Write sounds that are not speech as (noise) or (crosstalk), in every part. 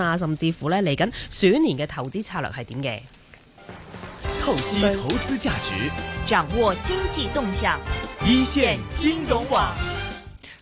啊，甚至乎呢，嚟緊鼠年嘅投資策略係點嘅？透析投資價值，掌握經濟動向，一線金融網。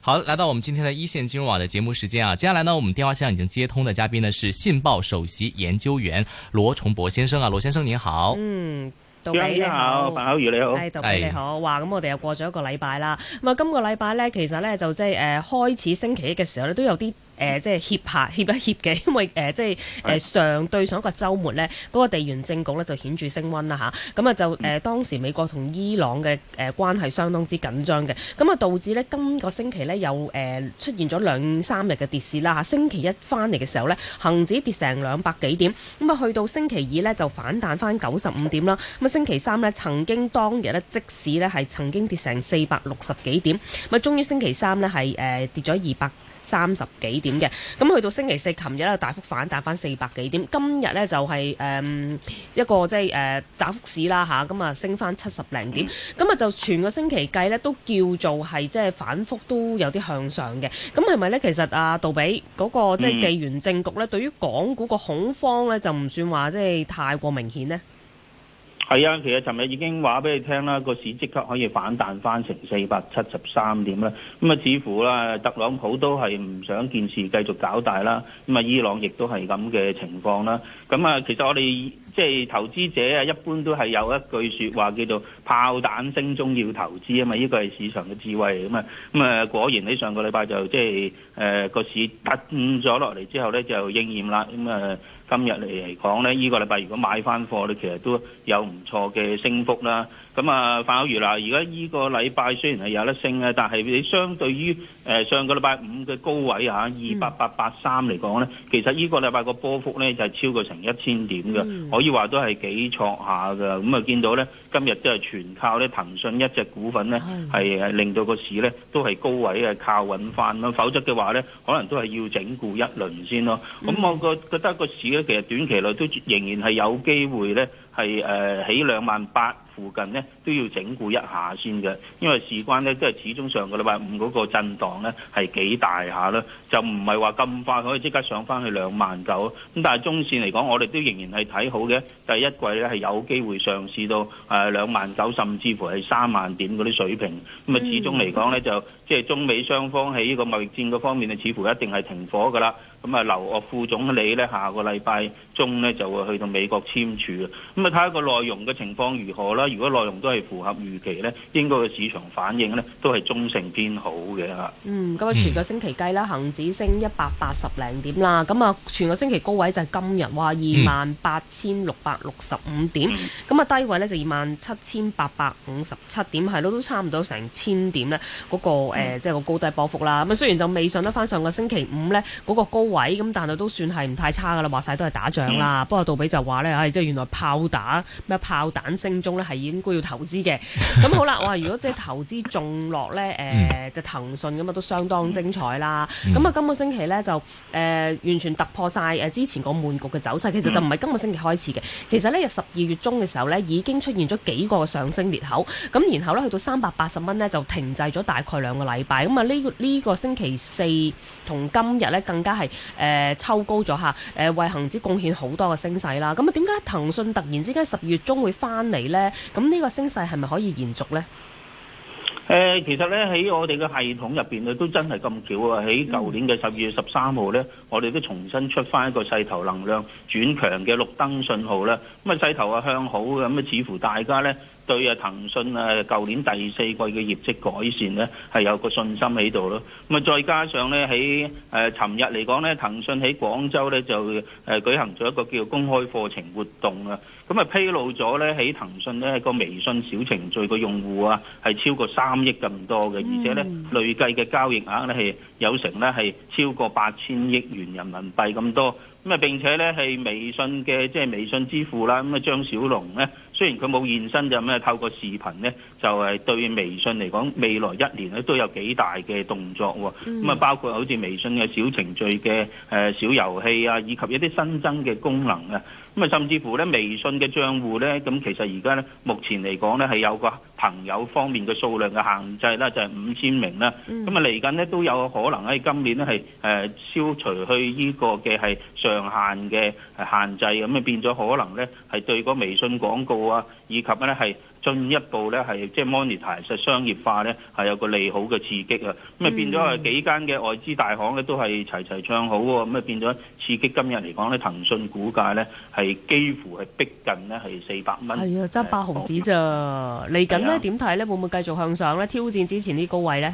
好，來到我們今天的一線金融網嘅節目時間啊！接下來呢，我們電話線上已經接通嘅嘉賓呢，是信報首席研究員羅崇博先生啊，羅先生好、嗯、你好。嗯，杜偉你好，范巧宇你好，係杜偉你好。哇，咁我哋又過咗一個禮拜啦。咁啊，今個禮拜呢，其實呢，就即係誒開始星期一嘅時候呢，都有啲。誒即係協下協一協嘅，因為誒即係誒上對上一個週末呢，嗰個地緣政局呢就顯著升溫啦嚇。咁啊就誒、啊、當時美國同伊朗嘅誒關係相當之緊張嘅，咁啊導致呢，今個星期呢又誒出現咗兩三日嘅跌市啦嚇、啊。星期一翻嚟嘅時候呢，恒指跌成兩百幾點，咁啊去到星期二呢，就反彈翻九十五點啦。咁啊星期三呢，曾經當日呢，即市呢係曾經跌成四百六十幾點，咁啊終於星期三呢，係、啊、誒跌咗二百。三十幾點嘅，咁去到星期四，琴日又大幅反彈翻四百幾點，今日咧就係、是、誒、呃、一個即係誒窄幅市啦吓，咁啊就升翻七十零點，咁啊、嗯、就全個星期計咧都叫做係即係反覆都有啲向上嘅，咁係咪咧？其實阿、啊、杜比嗰、那個即係地緣政局咧，嗯、對於港股個恐慌咧，就唔算話即係太過明顯呢。係啊，其實尋日已經話俾你聽啦，個市即刻可以反彈返成四百七十三點啦。咁、嗯、啊，似乎啦，特朗普都係唔想件事繼續搞大啦。咁、嗯、啊，伊朗亦都係咁嘅情況啦。咁、嗯、啊，其實我哋即係投資者啊，一般都係有一句説話叫做炮彈聲中要投資啊嘛，呢個係市場嘅智慧嚟噶嘛。咁、嗯、啊，果然喺上個禮拜就即係誒個市跌咗落嚟之後咧，就應驗啦。咁、嗯、啊，今日嚟講咧，呢個禮拜如果買翻貨咧，其實都有唔錯嘅升幅啦。咁啊，范手如啦，而家依個禮拜雖然係有得升嘅，但係你相對於誒、呃、上個禮拜五嘅高位嚇二八八八三嚟講咧，其實呢個禮拜個波幅咧就係、是、超過成一千點嘅，嗯、可以話都係幾挫下㗎。咁啊，見到咧今日都係全靠咧騰訊一隻股份咧係誒令到個市咧都係高位嘅靠穩翻咯。否則嘅話咧，可能都係要整固一輪先咯。咁我個覺得個市咧其實短期內都仍然係有機會咧係誒起兩萬八。附近呢都要整固一下先嘅，因為事關呢都係始終上個禮拜五嗰個震盪呢係幾大下咧，就唔係話咁快可以即刻上翻去兩萬九咁。但係中線嚟講，我哋都仍然係睇好嘅。第一季呢係有機會上試到誒兩萬九，啊、00, 甚至乎係三萬點嗰啲水平。咁啊，始終嚟講呢，就即係中美雙方喺呢個貿易戰嗰方面呢，似乎一定係停火㗎喇。咁啊，劉鶴副總理呢，下個禮拜中呢，就會去到美國簽署嘅，咁啊睇下個內容嘅情況如何啦。如果內容都係符合預期呢，應該個市場反應呢，都係中性偏好嘅嚇。嗯，咁啊，全個星期計啦，恒指升一百八十零點啦。咁啊，全個星期高位就係今日，話二萬八千六百六十五點。咁啊、嗯，低位呢，就二萬七千八百五十七點，係咯，都差唔多成千點呢。嗰、那個即係個高低波幅啦。咁啊，雖然就未上得翻上個星期五呢，嗰、那個高位咁，但係都算係唔太差噶啦，話晒都係打仗啦。嗯、不過杜比就話呢，即、哎、係原來炮打咩炮彈聲中呢，係應該要投資嘅。咁、 (laughs) 嗯、好啦，我話如果即係投資眾落呢，誒、呃、嗯、就騰訊咁啊，都相當精彩啦。咁啊、嗯嗯嗯，今個星期呢，就誒、呃、完全突破晒誒之前個悶局嘅走勢，其實就唔係今個星期開始嘅。其實咧，十二月中嘅時候呢，已經出現咗幾個上升裂口。咁然後呢，去到三百八十蚊呢，就停滯咗大概兩個禮拜。咁啊呢個呢、這個星期四同今日呢，更加係。誒、呃、抽高咗吓，誒、呃、為恒指貢獻好多嘅升勢啦。咁啊，點解騰訊突然之間十月中會翻嚟呢？咁呢個升勢係咪可以延續呢？誒、呃，其實呢，喺我哋嘅系統入邊啊，都真係咁巧啊！喺舊年嘅十二月十三號呢，嗯、我哋都重新出翻一個勢頭能量轉強嘅綠燈信號啦。咁啊，勢頭啊向好嘅，咁啊，似乎大家呢。對啊，騰訊啊，舊年第四季嘅業績改善呢，係有個信心喺度咯。咁啊，再加上呢，喺誒尋日嚟講呢，騰訊喺廣州呢，就誒舉行咗一個叫公開課程活動啊。咁啊，披露咗呢，喺騰訊呢，喺個微信小程序嘅用戶啊，係超過三億咁多嘅，而且呢，累計嘅交易額呢，係有成呢，係超過八千億元人民幣咁多。咁啊，並且呢，係微信嘅即係微信支付啦。咁啊，張小龍呢。雖然佢冇現身，就咩透過視頻咧，就係對微信嚟講，未來一年咧都有幾大嘅動作喎。咁啊，包括好似微信嘅小程序嘅誒小遊戲啊，以及一啲新增嘅功能啊。咁啊，甚至乎咧，微信嘅賬戶咧，咁其實而家咧，目前嚟講咧，係有個朋友方面嘅數量嘅限制啦，就係五千名啦。咁啊，嚟緊咧都有可能喺今年咧係誒消除去依個嘅係上限嘅限制，咁啊變咗可能咧係對個微信廣告啊，以及咧係。進一步咧係即係 monetise 商業化咧係有個利好嘅刺激啊，咁啊變咗係幾間嘅外資大行咧都係齊齊唱好喎，咁啊變咗刺激今日嚟講咧，騰訊股價咧係幾乎係逼近呢係四百蚊。係、嗯、啊，執八毫紙咋。嚟緊咧點睇咧會唔會繼續向上咧挑戰之前啲高位咧？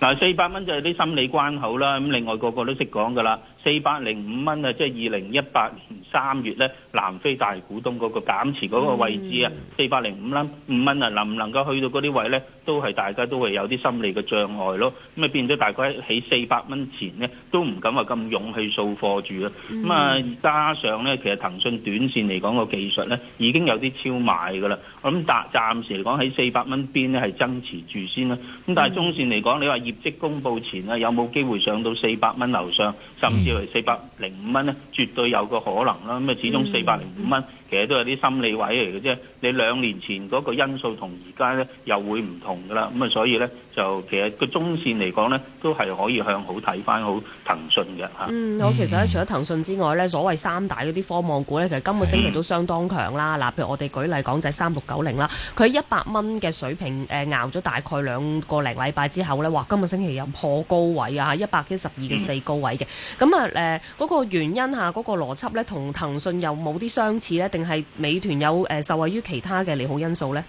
嗱，四百蚊就係啲心理關口啦，咁另外個個都識講噶啦。四百零五蚊啊！即係二零一八年三月咧，南非大股東嗰個減持嗰個位置啊，四百零五蚊五蚊啊，能唔能夠去到嗰啲位咧？都係大家都會有啲心理嘅障礙咯。咁啊，變咗大家喺四百蚊前咧，都唔敢話咁勇氣掃貨住啦，咁啊、嗯，加上咧，其實騰訊短線嚟講個技術咧，已經有啲超賣噶啦。咁暫暫時嚟講喺四百蚊邊咧係增持住先啦。咁但係中線嚟講，你話業績公布前啊，有冇機會上到四百蚊樓上，甚至、嗯？嗯四百零五蚊咧，絕對有個可能啦。咁啊，始終四百零五蚊。其實都有啲心理位嚟嘅啫，你兩年前嗰個因素同而家咧又會唔同㗎啦，咁啊所以咧就其實個中線嚟講咧都係可以向好睇翻好騰訊嘅嚇。嗯，好，其實咧除咗騰訊之外咧，所謂三大嗰啲科網股咧，其實今個星期都相當強啦。嗱，譬如我哋舉例講就係三六九零啦，佢喺一百蚊嘅水平誒熬咗大概兩個零禮拜之後咧，哇！今個星期又破高位啊，一百一十二嘅四高位嘅。咁啊誒嗰個原因嚇嗰個邏輯咧，同騰訊又冇啲相似咧。定係美團有誒受惠於其他嘅利好因素咧？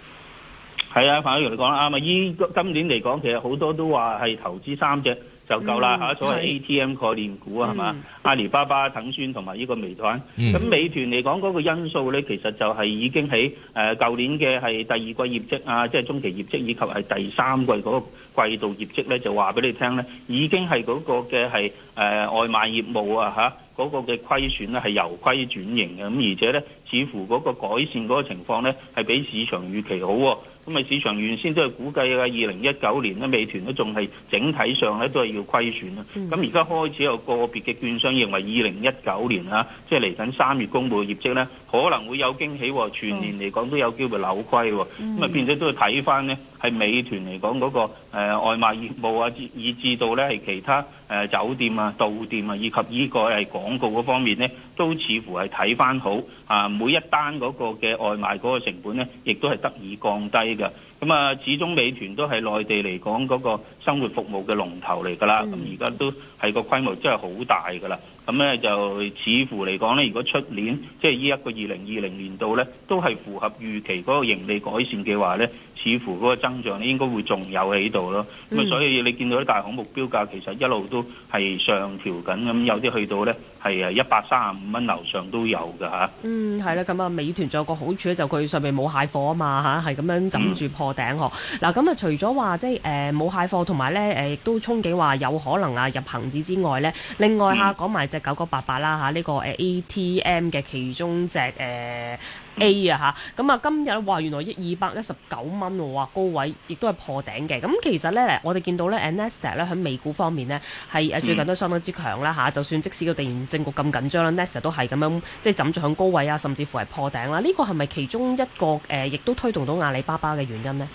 係啊，范曉如你講啦，啱啊！依今年嚟講，其實好多都話係投資三隻。就夠啦嚇，所謂 A T M 概念股啊，係嘛是？吧阿里巴巴、騰訊同埋呢個美團。咁、嗯、美團嚟講嗰個因素咧，其實就係已經喺誒舊年嘅係第二季業績啊，即係中期業績以及係第三季嗰個季度業績咧，就話俾你聽咧，已經係嗰個嘅係誒外賣業務啊嚇嗰、啊那個嘅虧損咧係由虧轉盈嘅，咁而且咧似乎嗰個改善嗰個情況咧係比市場預期好。咁啊，市場原先都係估計啊，二零一九年咧，美團都仲係整體上咧都係要。虧損啦，咁而家開始有個別嘅券商認為，二零一九年啊，即係嚟緊三月公布嘅業績咧。可能會有驚喜喎，全年嚟講都有機會扭虧喎，咁啊、嗯、變咗都要睇翻呢，係美團嚟講嗰個外賣業務啊，以至到呢係其他誒酒店啊、到店啊以及呢個係廣告嗰方面呢，都似乎係睇翻好啊，每一單嗰個嘅外賣嗰個成本呢，亦都係得以降低㗎。咁啊，始終美團都係內地嚟講嗰個生活服務嘅龍頭嚟㗎啦，咁而家、嗯、都係個規模真係好大㗎啦。咁咧就似乎嚟講咧，如果出年即係呢一個二零二零年度咧，都係符合預期嗰個盈利改善嘅話咧，似乎嗰個增長咧應該會仲有喺度咯。咁啊，所以你見到啲大行目標價其實一路都係上調緊，咁有啲去到咧係誒一百三十五蚊樓上都有㗎嚇。嗯，係啦，咁啊，美團仲有個好處咧，就佢上面冇蟹貨啊嘛嚇，係咁樣枕住破頂呵。嗱，咁啊，除咗話即係誒冇蟹貨，同埋咧誒亦都憧憬話有可能啊入恆指之外咧，另外嚇講埋隻，九九八八啦嚇，呢、這個 ATM 嘅其中隻誒、呃、A 啊嚇，咁啊今日話原來一二百一十九蚊高位亦都係破頂嘅。咁其實呢，我哋見到呢 n e s t e r 呢，喺美股方面呢，係誒最近都相當之強啦嚇，就算即使個地緣政局咁緊張啦 n e s t e r 都係咁樣即係枕住響高位啊，甚至乎係破頂啦。呢、這個係咪其中一個誒、呃，亦都推動到阿里巴巴嘅原因呢？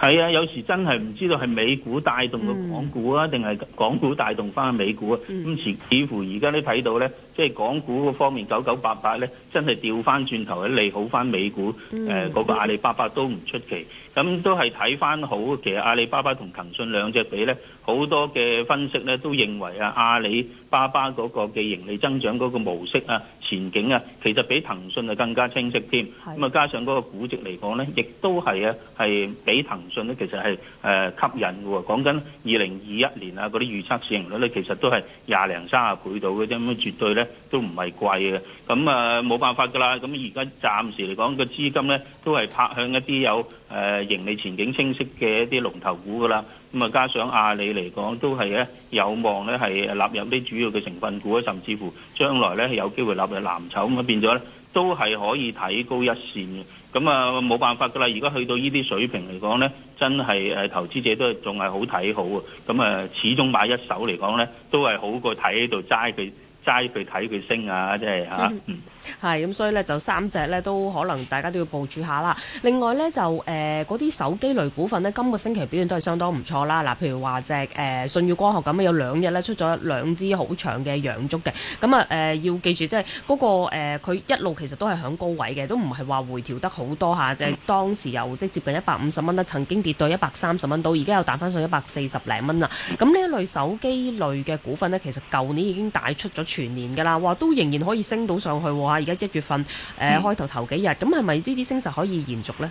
係啊，有時真係唔知道係美股帶動個港股啊，定係港股帶動翻美股啊。咁似、mm. 嗯嗯、似乎而家你睇到咧。即係港股方面九九八八咧，真係掉翻轉頭去，利好翻美股，誒、呃、嗰、那個阿里巴巴都唔出奇。咁都係睇翻好，其實阿里巴巴同騰訊兩隻比咧，好多嘅分析咧都認為啊，阿里巴巴嗰個嘅盈利增長嗰個模式啊、前景啊，其實比騰訊啊更加清晰添。咁啊，加上嗰個估值嚟講咧，亦都係啊係比騰訊咧，其實係誒、啊、吸引嘅喎、啊。講緊二零二一年啊，嗰啲預測市盈率咧，其實都係廿零三十倍度嘅啫，咁啊絕對咧。都唔係貴嘅，咁啊冇辦法㗎啦。咁而家暫時嚟講，個資金咧都係拍向一啲有誒、呃、盈利前景清晰嘅一啲龍頭股㗎啦。咁、嗯、啊，加上阿里嚟講都係咧有望咧係納入啲主要嘅成分股，啊，甚至乎將來咧係有機會納入藍籌咁啊，變咗咧都係可以睇高一線嘅。咁啊冇辦法㗎啦。而家去到呢啲水平嚟講咧，真係誒投資者都仲係好睇好啊。咁、嗯、啊，始終買一手嚟講咧，都係好過睇喺度齋佢。街佢睇佢升啊，即係嚇，嗯，咁，所以咧就三隻咧都可能大家都要部署下啦。另外咧就誒嗰啲手機類股份呢，今個星期表現都係相當唔錯啦。嗱、呃，譬如話隻誒舜宇光學咁有兩日咧出咗兩支好長嘅陽燭嘅。咁啊誒、呃、要記住，即係嗰個佢、呃、一路其實都係響高位嘅，都唔係話回調得好多下，即係、嗯呃、當時又即接近一百五十蚊啦，曾經跌到一百三十蚊到，而家又彈翻上一百四十零蚊啦。咁呢一類手機類嘅股份呢，其實舊年已經帶出咗全年嘅啦，哇，都仍然可以升到上去喎。而家一月份，誒、呃、 (noise) 開頭頭幾日，咁係咪呢啲升勢可以延續呢？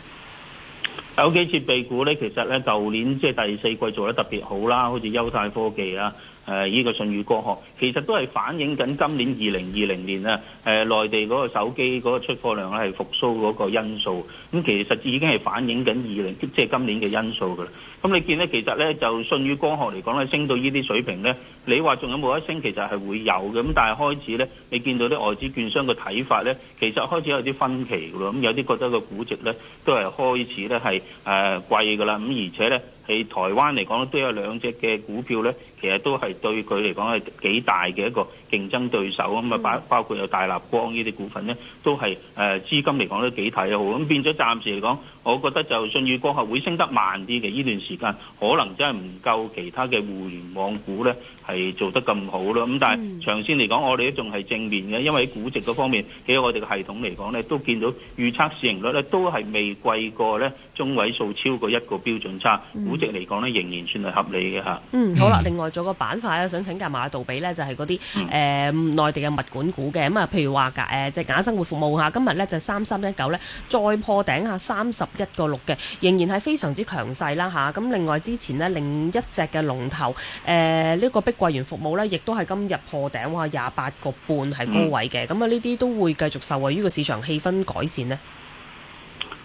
手機設備股呢，其實呢，舊年即係第四季做得特別好啦，好似優泰科技啊，誒、呃、依、呢個信宇光學，其實都係反映緊今年二零二零年啊，誒、呃、內地嗰個手機嗰個出貨量咧係復甦嗰個因素。咁、嗯、其實已經係反映緊二零即係今年嘅因素㗎啦。咁、嗯、你見呢，其實呢，就信宇光學嚟講咧，升到呢啲水平呢，你話仲有冇一升？其實係會有嘅。咁但係開始呢，你見到啲外資券商嘅睇法呢，其實開始有啲分歧㗎啦。咁、嗯、有啲覺得個估值呢，都係開始呢係。誒貴噶啦，咁而且咧。喺台灣嚟講都有兩隻嘅股票咧，其實都係對佢嚟講係幾大嘅一個競爭對手咁啊，包包括有大立光呢啲股份咧，都係誒、呃、資金嚟講都幾睇好咁。變咗暫時嚟講，我覺得就舜宇光學會升得慢啲嘅呢段時間，可能真係唔夠其他嘅互聯網股咧係做得咁好咯。咁但係、嗯、長線嚟講，我哋都仲係正面嘅，因為喺估值嗰方面，喺我哋嘅系統嚟講咧，都見到預測市盈率咧都係未貴過咧中位數超過一個標準差。嚟講咧，仍然算係合理嘅嚇。嗯，好啦，另外仲有個板塊咧，想請教馬道比呢，就係嗰啲誒內地嘅物管股嘅咁啊，譬如話假誒即係雅生活服務嚇，今日呢就三三一九呢，就是、19，再破頂下三十一個六嘅，仍然係非常之強勢啦嚇。咁、啊、另外之前呢另一隻嘅龍頭誒呢、呃呢個碧桂園服務呢，亦都係今日破頂哇廿八個半係高位嘅，咁啊呢啲都會繼續受惠於個市場氣氛改善呢。嗯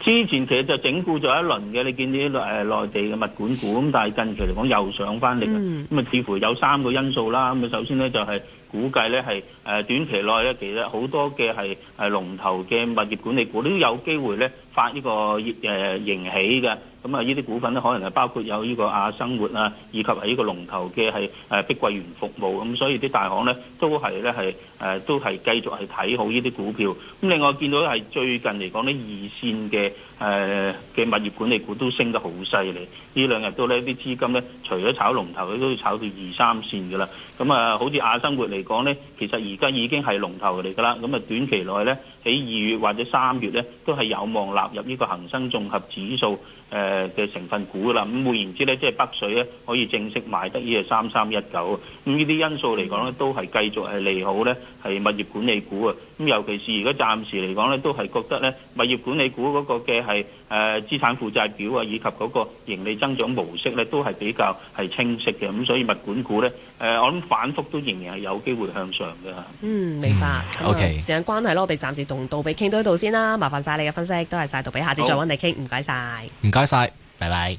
之前其實就整固咗一輪嘅，你見啲誒內地嘅物管股咁，但係近期嚟講又上返嚟，咁啊似乎有三個因素啦。咁啊首先咧就係估計咧係誒短期內咧其實好多嘅係誒龍頭嘅物業管理股都有機會咧發呢個誒盈喜嘅。咁啊，呢啲股份咧，可能係包括有呢個亞生活啊，以及係呢個龍頭嘅係誒碧桂園服務。咁所以啲大行咧都係咧係誒都係繼續係睇好呢啲股票。咁另外見到係最近嚟講呢，二線嘅誒嘅物業管理股都升得好犀利。呢兩日都呢啲資金咧，除咗炒龍頭，佢都要炒到二三線噶啦。咁啊，好似亞生活嚟講呢，其實而家已經係龍頭嚟㗎啦。咁啊，短期內呢，喺二月或者三月呢，都係有望納入呢個恒生綜合指數誒。誒嘅成分股啦，咁換言之咧，即係北水咧可以正式買得呢個三三一九，咁呢啲因素嚟講咧，都係繼續係利好咧，係物業管理股啊，咁尤其是而家暫時嚟講咧，都係覺得咧物業管理股嗰個嘅係。誒資產負債表啊，以及嗰個盈利增長模式咧，都係比較係清晰嘅，咁所以物管股咧，誒我諗反覆都仍然係有機會向上嘅嚇。嗯，明白。OK，時間關係咯，我哋暫時同杜比傾到呢度先啦，麻煩晒你嘅分析，都係晒杜比，下次再揾你傾，唔該晒。唔該曬，拜拜。謝謝。